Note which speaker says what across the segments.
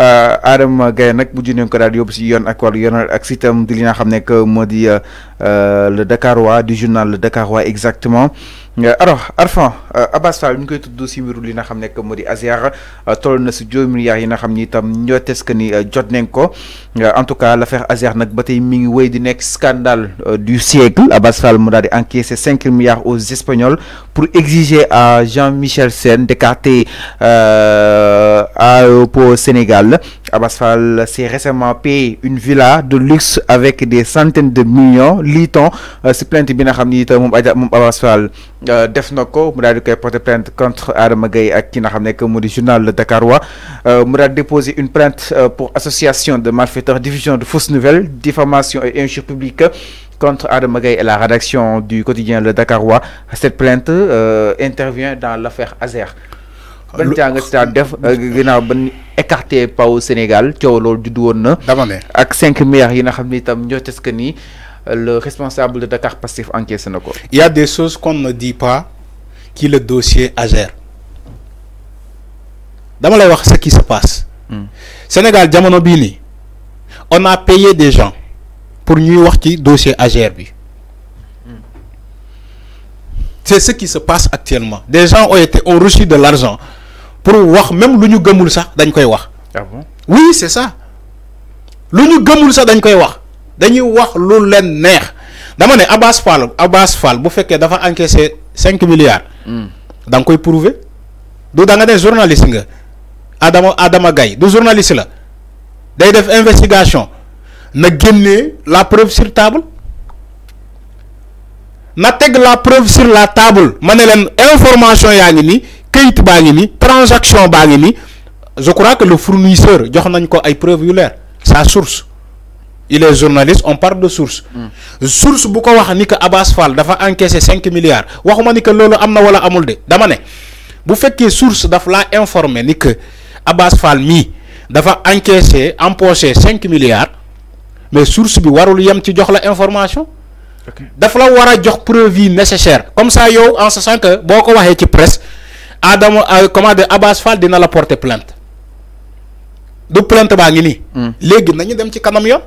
Speaker 1: Euh, Adam Gaye nak bu ko daal le du journal le Dakarois exactement euh, alors Arfan euh, Abbas Fall ñu koy si li en tout cas l'affaire Aziar nak batay mi scandale du siècle Abbas Fall mu daal milliards aux Espagnols pour exiger à Jean-Michel Sen d'écarter à pour Sénégal Fall s'est récemment payé une villa de luxe avec des centaines de millions liton. Euh, c'est plainte de nga xam ni Abbas Fall euh, plainte contre Adam Gueye et ki nga xam journal Le Dakarois euh, a déposé une plainte pour association de malfaiteurs diffusion de fausses nouvelles diffamation et injures publiques contre Adam Gueye et la rédaction du quotidien Le Dakarois cette plainte intervient dans l'affaire Azer ban jàngat si def euh, ginaaw ban écarté paw Sénégal coow loolu du woon na. dama ne ak 5 milliards yi nga xamni tam itam njortes ni
Speaker 2: le responsable de Dakar Passif encaissé nako il y a des choses qu'on ne dit pas qui le dossier agère dama lay wax ce qui se passe. Hmm. Sénégal jamono bi ni on a payé des gens pour ñuy wax ci dossier agère bi. Hmm. C'est ce qui se passe actuellement. Des gens ont, été, ont reçu de l'argent pour wax même lu ñu ça sax dañ koy wax. Ah oui c'est ça Le ñu gëmul sax dañ koy wax dañuy wax lu leen neex dama ne Abass Fall Abass Fall bu que dafa encaissé cinq milliards. Hmm. da nga koy prouver du da nga ne journaliste nga Adama Adama Gaye du journaliste la investigations. def investigation na la preuve sur table na la preuve sur la table ma leen information yaa ngi transaction baa je crois que le fournisseur jox nañ ko ay preuve yu sa source il est journaliste on parle de source hmm. source bu ko wax ni que Abass Fall dafa encaisser 5 milliards waxuma ni que lolu amna wala amul de dama ne bu source daf la informé ni que abbas Fall mi dafa encaissé empocher 5 milliards mais source bi warul yem ci jox la information daf la wara jox preuve nécessaire comme ça yow en ce sens que boko waxé ci presse Adama euh, comment de Abbas Fall dina la porter plainte du plainte ba ngi ni hmm. nañu dem ci kanam yoon.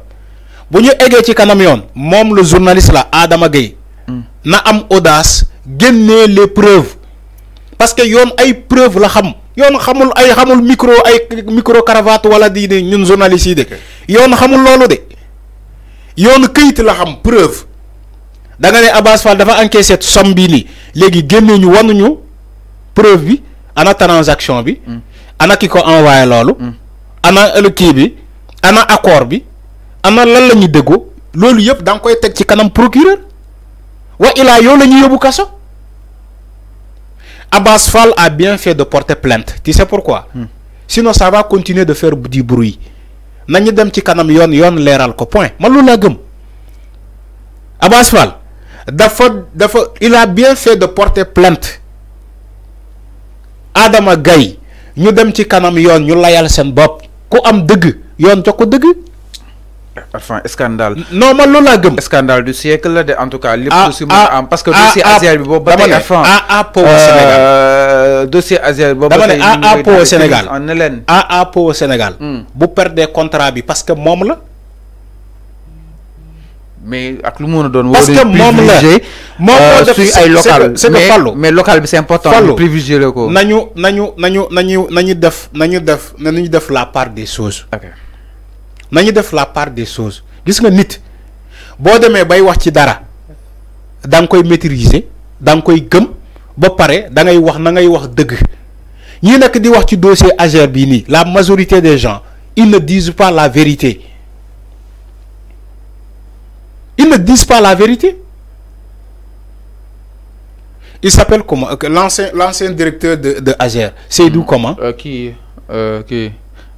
Speaker 2: bu ñu ci kanam yoon mom le journaliste la Adama Gueye. Hmm. na am audace genné les preuves parce que yoon ay preuves la xam. yoon xamul ay xamul micro ay micro cravate wala di ne ñun journaliste yi de yoon xamul lolu de yoon keuyit la xam preuve da nga né Abbas Fall dafa encaissé somme bi ni léegi genné ñu preuve bi ana transaction bi. Mm. ana ki ko envoyé loolu. Mm. ana kii bi ana accord bi ana lan lañu ñuy déggoo loolu dang koy tek ci kanam procureur wa ila yo lañu yobu kasso kaso. Abbas Fall a bien fait de porter plainte tu sais pourquoi. Mm. sinon ça va continuer de faire du bruit nañu dem ci kanam yoon yoon leral ko point malou la laa gëm Abbas Fall dafa dafa il a bien fait de porter plainte. aadama Gaye ñu dem ci kanam yoon ñu layal seen bopp ku am dëgg yoon jox ko dëgg.
Speaker 1: enfin scandale.
Speaker 2: non man loolu laa gëm. scandale
Speaker 1: du siècle la de en tout cas. lépp ah, lu si mën ah, a am parce que dossier Azer ah, bi boobu ba tey à po euh, Sénégal.
Speaker 2: dossier Azer boobu ba tey ñu ngi Sénégal en Hélène. po Sénégal. Hmm. bu perdee contrat bi parce que moom la.
Speaker 1: mais ak lu on
Speaker 2: parce que moi, la moom moo euh, local mais local c'est important. fallu le la N'anyo, nañu nañu nañu nañu def nañu def nañu def la part des choses. nañu def la part des choses gis nga nit bo demee bay wax ci dara dang koy maîtriser dang koy gëm ba paré da ngay wax na ngay wax deug nak di wax ci dossier AGER bi ni la majorité des gens ils ne disent pas la vérité. Ils ne disent pas la vérité. Il s'appelle comment euh, L'ancien directeur de, de Ager. C'est d'où hmm. comment euh, qui, euh,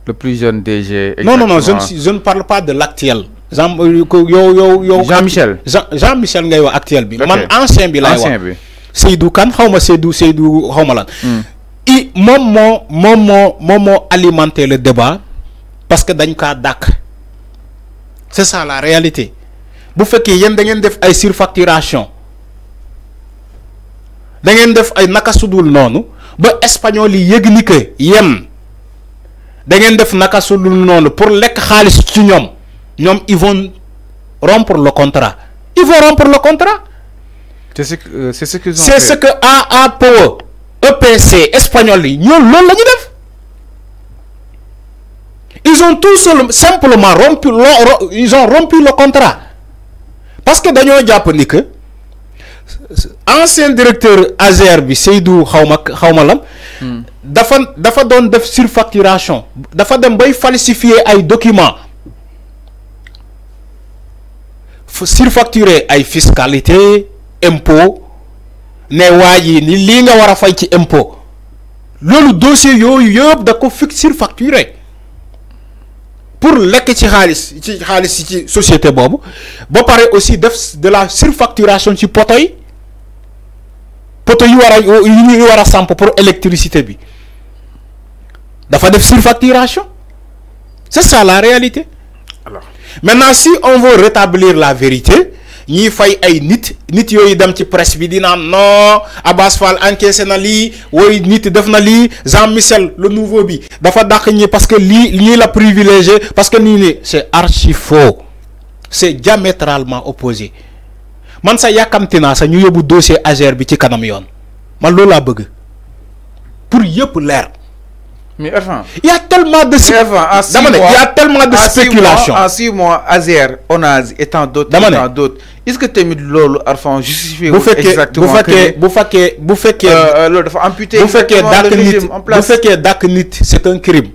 Speaker 2: Le plus jeune DG. Non, non, non, je ne, parle pas de l'actuel. Jean-Michel. Jean-Michel pas actuel. Bi. Okay. ancien bi Ancien bi. Seydou Kan, Seydou Seydou xawma lan. Hmm. I alimenter le débat parce que Danka C'est ça la réalité bu faites yéen da ngeen def ay surfacturation da ngeen def ay nakasudul sudul ba espagnol yi yem da ngeen def nakasudul sudul pour les khalis ci ñoom ñoom ils vont rompre le contrat ils vont rompre le contrat. c'est ce que euh, c'est ce que. c'est ce que AAPO EPC e espagnol yi ñoom loolu def. Ils ont tout simplement rompu, ils ont rompu le contrat. parce que dañoo jàpp ni que ancien directeur ASER bi Seydou xawma xawma lam hmm. dafa dafa doon def surfacturation dafa dem bay falsifier ay documents surfacturer ay fiscalité impo ne waa yi ni lii nga war a fay ci impôt loolu dossier yooyu yëpp da ko fi surfacturer pour lekk ci la société Bon, bon pare aussi de la surfacturation du poto yi poto yu Il pour électricité bi dafa surfacturation c'est ça la réalité alors maintenant si on veut rétablir la vérité ni fay ay nit nit dem ci presse bi non Abass Fall na nit def na lii Jean Michel le nouveau bi dafa dàq parce que lii la privilégié parce que c'est archi faux c'est diamétralement opposé man sa yàkkamti naa ñu yóbbu dossier AGER bi ci kanam yoon man loolu bëgg pour yëpp l'air. Mais il y a tellement de Il y a tellement de spéculation. En
Speaker 1: six mois, Azer, Onaz, et d'autres, d'autres. Est-ce que tu as mis de l'eau, Alphonse justifié exactement Vous faites que. Vous faites que. Euh, euh, vous faites que. Vous faites
Speaker 2: que. Vous faites c'est un crime.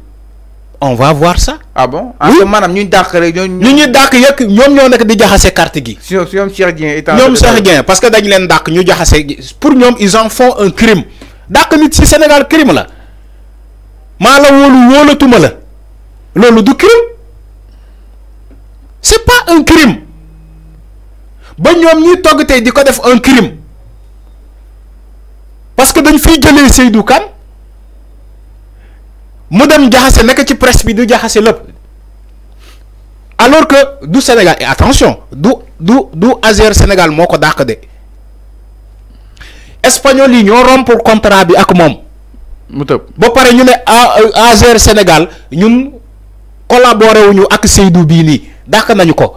Speaker 2: On va voir ça. Ah bon que. Vous nous Nous Nous Nous sommes Nous Parce que nous Pour nous, ils en font un crime. Daknit, c'est Sénégal crime là mala la wolatuma la lolou du crime c'est pas un crime ba ñom ñi togg tay diko def un crime parce que dañ fi jëlé Seydou kan mu dem jaxase nekk ci presse bi du jaxase lépp alors que du Sénégal et attention du du du Azer Sénégal moko ko dé espagnol yi ñoo rompre contrat bi ak mom mu tëb ba pare ñu ne AGR e, Sénégal ñun collaboré wuñu ak Seydou bii nii dàq nañu ko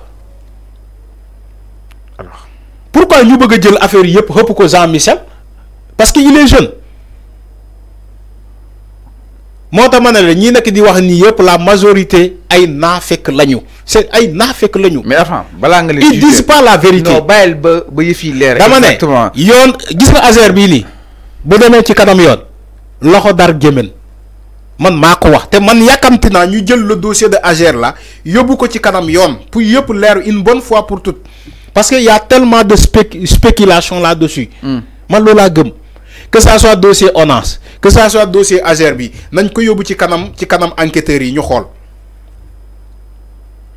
Speaker 2: alors pourquoi ñu bëgg a jël affaire yëpp xëpp ko Jean Michel parce que il est jeune moo tax ma ne la ñii nekk di wax nii yëpp la majorité ay naafekk lañu c'est ay fekk lañu. mais avant balaa nga leen. ils disent la vérité non
Speaker 1: bàyyil ba ba yëf yi leer. dama ne
Speaker 2: yoon gis nga AGR bii nii bu demee ci kanam yoon. loxo dar gemen, man mako wax te man yàkkamti ñu jël le dossier de AGER la yobu ko ci kanam yoon pour yépp leer une bonne fois pour toute, parce que y a tellement de spéculation là-dessus. Hmm. man loolu laa gëm que ça soit dossier ONAS que ça soit dossier AGER bi nañ ko yóbbu ci kanam ci kanam enquêteur yi ñu xool.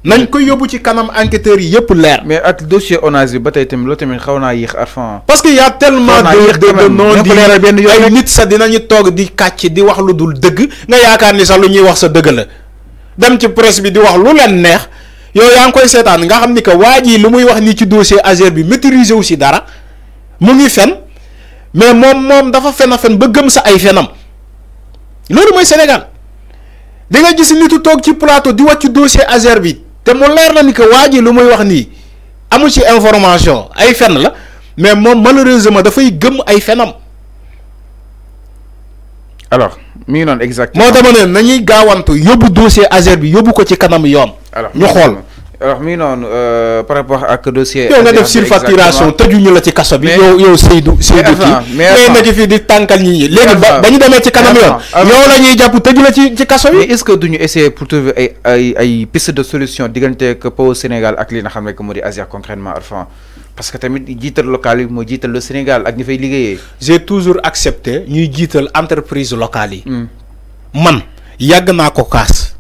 Speaker 2: nañ ko yóbbu ci kanam enquêteurs yi yëpp leer. mais ak dossier ONAS
Speaker 1: bi ba tey tamit loolu tamit xaw naa yéex Arfan.
Speaker 2: parce que yaa a tellement de de non di ay nit sax dinañu toog di kàcc di wax lu dul dëgg nga yaakaar ni sax lu ñuy wax sa dëgg la dem ci presse bi di wax lu leen neex yow yaa ngi koy seetaan nga xam ni que waa jii lu muy wax nii ci dossier Azer bi maîtriser wu si dara mu ngi fen mais moom moom dafa fen a fen ba gëm sa ay fenam loolu mooy Sénégal di nga gis nitu toog ci plateau di wàcc dossier Azer bi. te leer ni que wax ci information ay fenn la mais moom malheureusement dafay gëm ay fenam. alors mi non exactement. moo dama ne nañuy gaawantu yóbbu dossier
Speaker 1: alors mi ngi euh, par rapport à ce dossier. yow nga def surfacturation
Speaker 2: tëjuñu la ci kasso bi. yow yow Seydou Seydou ki mais na ci di tankal ñi ñi. légui bañu démé ci kanam yoon. yow lañuy japp jàpp tëju la ci ci kasso bi. est-ce que duñu essayer pour trouver
Speaker 1: ay ay ay piste de solution diggante que PAO Sénégal ak li nga xam ne que moo di Asia concrètement Arfan
Speaker 2: parce que tamit jiital local yi moo jiital le Sénégal ak ñi fay liggéeyee. j'ai toujours accepté ñuy jiital entreprise locale yi. Hmm. man yag na ko kaas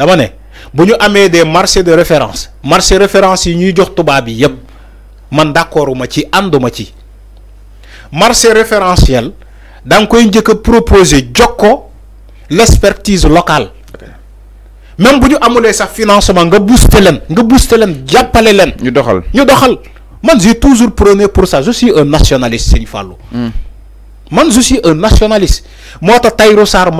Speaker 2: dama ne bu nous amee des marchés de référence marché référence yi ñuy jox tubaab yi yépp man d'accordu ma ci ànduma ci marché référentiel da nga koy njëkk proposer l'expertise locale même bu ñu amulee sax financement nga booster leen nga booster leen jàppale leen. ñu doxal ñu doxal man j'ai toujours prôné pour ça je suis un nationaliste Seigne Fallou. Hmm. man je suis un nationaliste moi tax Tahirou Sarr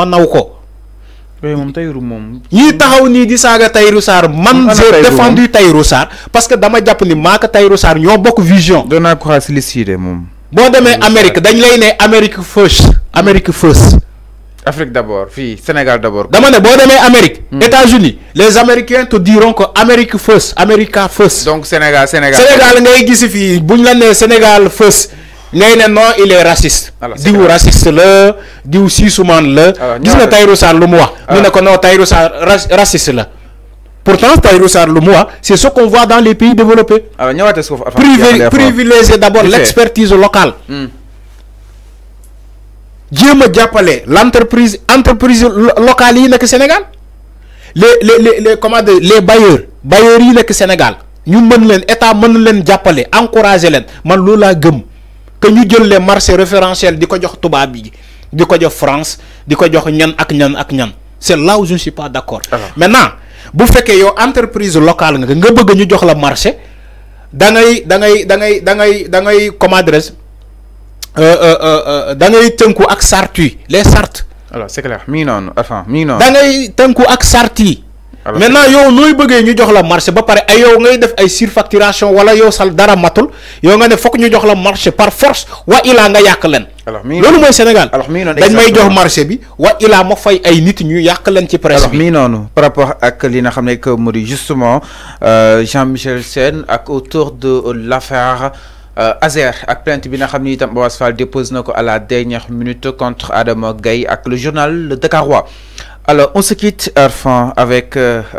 Speaker 1: yooyu moom Tahirou moom.
Speaker 2: ñii taxaw nii di saaga Tahirou Sarr man. j'ai défendu Tahirou Sarr parce que dama jàpp ni maa ko Tahirou Sarr ñoo bokk vision. doon ko xaar si liste de moom. boo demee Amérique dañ lay ne Amérique first Amérique first.
Speaker 1: Afrique d'abord fii Sénégal d'abord. dama ne boo demee Amérique. Hmm. États-Unis
Speaker 2: les Américains te diront que Amérique first America first. donc Sénégal Sénégal. Sénégal ngay gis fii bu la nee Sénégal first. léegi ne non il est raciste. Diou raciste le, diou siisumaan le. gis nga Tahirou Sarr lu mu wax. ñu ne ko non Tahirou raciste le. pourtant Tahirou Sarr lu c'est wax ce qu'on voit dans les pays développés. privilégier d'abord l'expertise locale. Dieu hmm. me jàppale L'entreprise entreprise locale yi au Sénégal. les les les les comment les bailleurs bailleurs yi au Sénégal ñu mën leen état mën leen jàppale encourager leen man loolu gëm que ñu jël les marchés référentiels diko jox tubaab bi diko jox France diko jox ñan ak ñan ak ñan c'est là où je ne suis pas d'accord. Ah. maintenant bu féké yo entreprise locale nga nga bëgg ñu jox la marché da ngay da ngay da ngay da ngay da ngay comment adresse euh, euh, euh, da ngay
Speaker 1: tënku ak sartu les Sartes. alors c'est clair mi non enfin mi non da
Speaker 2: ngay tënku ak sartu ah, bah, maintenant yow noy beugé ñu jox la marché ba ay yow ngay def ay surfacturation wala yow sal dara matul nga fokk ñu jox la marché par force wa nga Sénégal dañ may jox marché bi wa fay ay ñu ci presse par
Speaker 1: rapport que justement euh, Jean-Michel ak autour de l'affaire euh, Azer ak plainte bi à la dernière minute contre Adama Gaye ak le journal Le Dakarois. Alors, on se quitte, enfin, avec... Euh,